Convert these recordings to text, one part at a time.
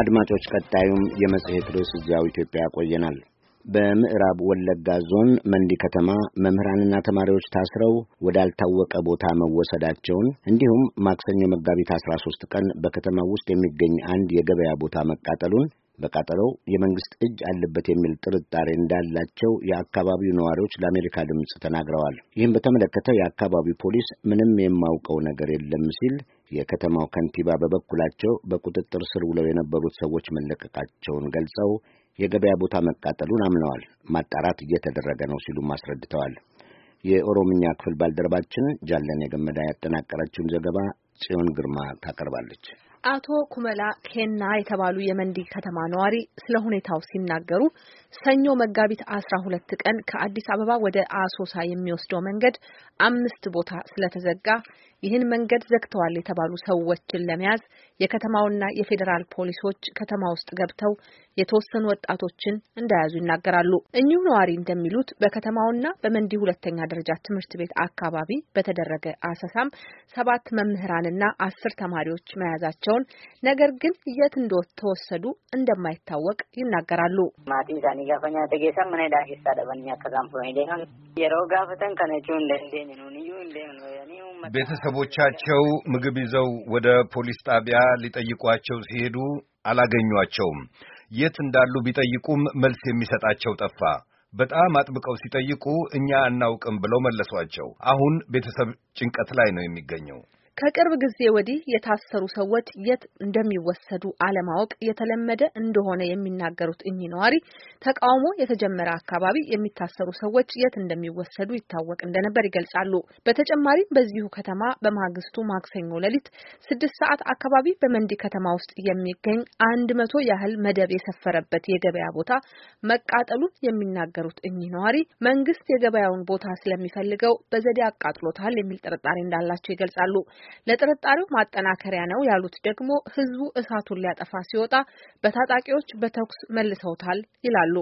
አድማጮች ቀጣዩም የመጽሔት ርዕስ እዚያው ኢትዮጵያ ያቆየናል። በምዕራብ ወለጋ ዞን መንዲ ከተማ መምህራንና ተማሪዎች ታስረው ወዳልታወቀ ቦታ መወሰዳቸውን እንዲሁም ማክሰኞ መጋቢት 13 ቀን በከተማው ውስጥ የሚገኝ አንድ የገበያ ቦታ መቃጠሉን በቃጠሎው የመንግስት እጅ አለበት የሚል ጥርጣሬ እንዳላቸው የአካባቢው ነዋሪዎች ለአሜሪካ ድምፅ ተናግረዋል። ይህም በተመለከተ የአካባቢው ፖሊስ ምንም የማውቀው ነገር የለም ሲል፣ የከተማው ከንቲባ በበኩላቸው በቁጥጥር ስር ውለው የነበሩት ሰዎች መለቀቃቸውን ገልጸው የገበያ ቦታ መቃጠሉን አምነዋል፣ ማጣራት እየተደረገ ነው ሲሉም አስረድተዋል። የኦሮምኛ ክፍል ባልደረባችን ጃለን የገመዳ ያጠናቀረችውን ዘገባ ጽዮን ግርማ ታቀርባለች። አቶ ኩመላ ኬና የተባሉ የመንዲ ከተማ ነዋሪ ስለ ሁኔታው ሲናገሩ ሰኞ መጋቢት አስራ ሁለት ቀን ከአዲስ አበባ ወደ አሶሳ የሚወስደው መንገድ አምስት ቦታ ስለተዘጋ ይህን መንገድ ዘግተዋል የተባሉ ሰዎችን ለመያዝ የከተማውና የፌዴራል ፖሊሶች ከተማ ውስጥ ገብተው የተወሰኑ ወጣቶችን እንደያዙ ይናገራሉ። እኚሁ ነዋሪ እንደሚሉት በከተማውና በመንዲ ሁለተኛ ደረጃ ትምህርት ቤት አካባቢ በተደረገ አሰሳም ሰባት መምህራንና አስር ተማሪዎች መያዛቸውን፣ ነገር ግን የት እንደተወሰዱ እንደማይታወቅ ይናገራሉ። የሮጋ ፍተን ከነቹ እንደንዴ ቤተሰቦቻቸው ምግብ ይዘው ወደ ፖሊስ ጣቢያ ሊጠይቋቸው ሲሄዱ አላገኟቸውም። የት እንዳሉ ቢጠይቁም መልስ የሚሰጣቸው ጠፋ። በጣም አጥብቀው ሲጠይቁ እኛ አናውቅም ብለው መለሷቸው። አሁን ቤተሰብ ጭንቀት ላይ ነው የሚገኘው። ከቅርብ ጊዜ ወዲህ የታሰሩ ሰዎች የት እንደሚወሰዱ አለማወቅ የተለመደ እንደሆነ የሚናገሩት እኚህ ነዋሪ ተቃውሞ የተጀመረ አካባቢ የሚታሰሩ ሰዎች የት እንደሚወሰዱ ይታወቅ እንደነበር ይገልጻሉ። በተጨማሪም በዚሁ ከተማ በማግስቱ ማክሰኞ ሌሊት ስድስት ሰዓት አካባቢ በመንዲ ከተማ ውስጥ የሚገኝ አንድ መቶ ያህል መደብ የሰፈረበት የገበያ ቦታ መቃጠሉን የሚናገሩት እኚህ ነዋሪ መንግስት የገበያውን ቦታ ስለሚፈልገው በዘዴ አቃጥሎታል የሚል ጥርጣሬ እንዳላቸው ይገልጻሉ። ለጥርጣሬው ማጠናከሪያ ነው ያሉት ደግሞ ህዝቡ እሳቱን ሊያጠፋ ሲወጣ በታጣቂዎች በተኩስ መልሰውታል ይላሉ።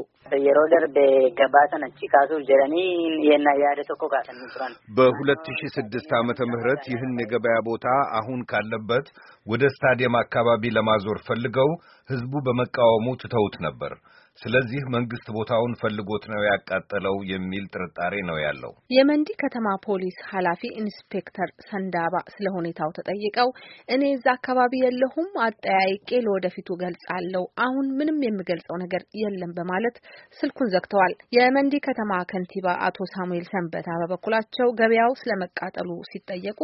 በሁለት ሺህ ስድስት ዓመተ ምህረት ይህን የገበያ ቦታ አሁን ካለበት ወደ ስታዲየም አካባቢ ለማዞር ፈልገው ህዝቡ በመቃወሙ ትተውት ነበር። ስለዚህ መንግስት ቦታውን ፈልጎት ነው ያቃጠለው የሚል ጥርጣሬ ነው ያለው። የመንዲ ከተማ ፖሊስ ኃላፊ ኢንስፔክተር ሰንዳባ ስለ ሁኔታው ተጠይቀው እኔ እዛ አካባቢ የለሁም፣ አጠያይቄ ለወደፊቱ ገልጻለሁ፣ አሁን ምንም የምገልጸው ነገር የለም በማለት ስልኩን ዘግተዋል። የመንዲ ከተማ ከንቲባ አቶ ሳሙኤል ሰንበታ በበኩላቸው ገበያው ስለመቃጠሉ ሲጠየቁ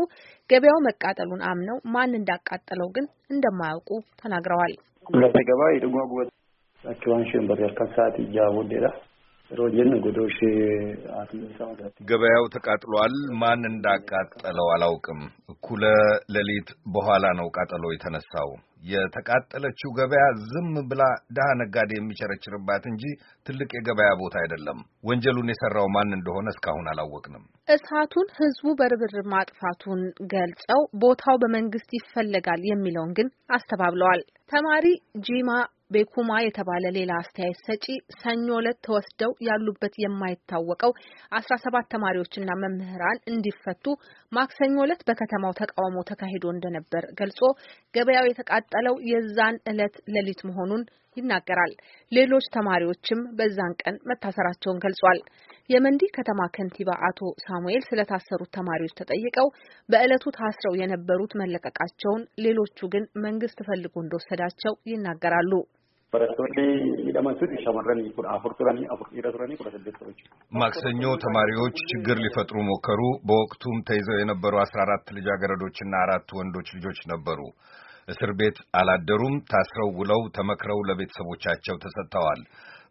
ገበያው መቃጠሉን አምነው ማን እንዳቃጠለው ግን እንደማያውቁ ተናግረዋል። ijaa booddeedha. Yeroo jennu godoo ishee ገበያው ተቃጥሏል። ማን እንዳቃጠለው አላውቅም። እኩለ ሌሊት በኋላ ነው ቃጠሎ የተነሳው። የተቃጠለችው ገበያ ዝም ብላ ድሃ ነጋዴ የሚቸረችርባት እንጂ ትልቅ የገበያ ቦታ አይደለም። ወንጀሉን የሰራው ማን እንደሆነ እስካሁን አላወቅንም። እሳቱን ህዝቡ በርብር ማጥፋቱን ገልጸው ቦታው በመንግስት ይፈለጋል የሚለውን ግን አስተባብለዋል። ተማሪ ጂማ ቤኩማ የተባለ ሌላ አስተያየት ሰጪ ሰኞ ዕለት ተወስደው ያሉበት የማይታወቀው አስራ ሰባት ተማሪዎችና መምህራን እንዲፈቱ ማክሰኞ ዕለት በከተማው ተቃውሞ ተካሂዶ እንደነበር ገልጾ ገበያው የተቃጠለው የዛን ዕለት ሌሊት መሆኑን ይናገራል። ሌሎች ተማሪዎችም በዛን ቀን መታሰራቸውን ገልጿል። የመንዲ ከተማ ከንቲባ አቶ ሳሙኤል ስለታሰሩት ተማሪዎች ተጠይቀው በዕለቱ ታስረው የነበሩት መለቀቃቸውን፣ ሌሎቹ ግን መንግስት ፈልጎ እንደወሰዳቸው ይናገራሉ። Barattoonni miidhaman sun shamarran kudha afur turanii afur dhiira turanii kudha ማክሰኞ ተማሪዎች ችግር ሊፈጥሩ ሞከሩ። በወቅቱም ተይዘው የነበሩ አስራ አራት ልጃገረዶችና አራት ወንዶች ልጆች ነበሩ። እስር ቤት አላደሩም። ታስረው ውለው ተመክረው ለቤተሰቦቻቸው ተሰጥተዋል።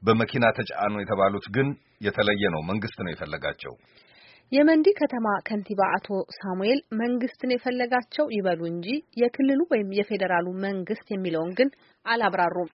በመኪና ተጫኑ የተባሉት ግን የተለየ ነው። መንግስት ነው የፈለጋቸው። የመንዲ ከተማ ከንቲባ አቶ ሳሙኤል መንግስትን የፈለጋቸው ይበሉ እንጂ የክልሉ ወይም የፌዴራሉ መንግስት የሚለውን ግን አላብራሩም።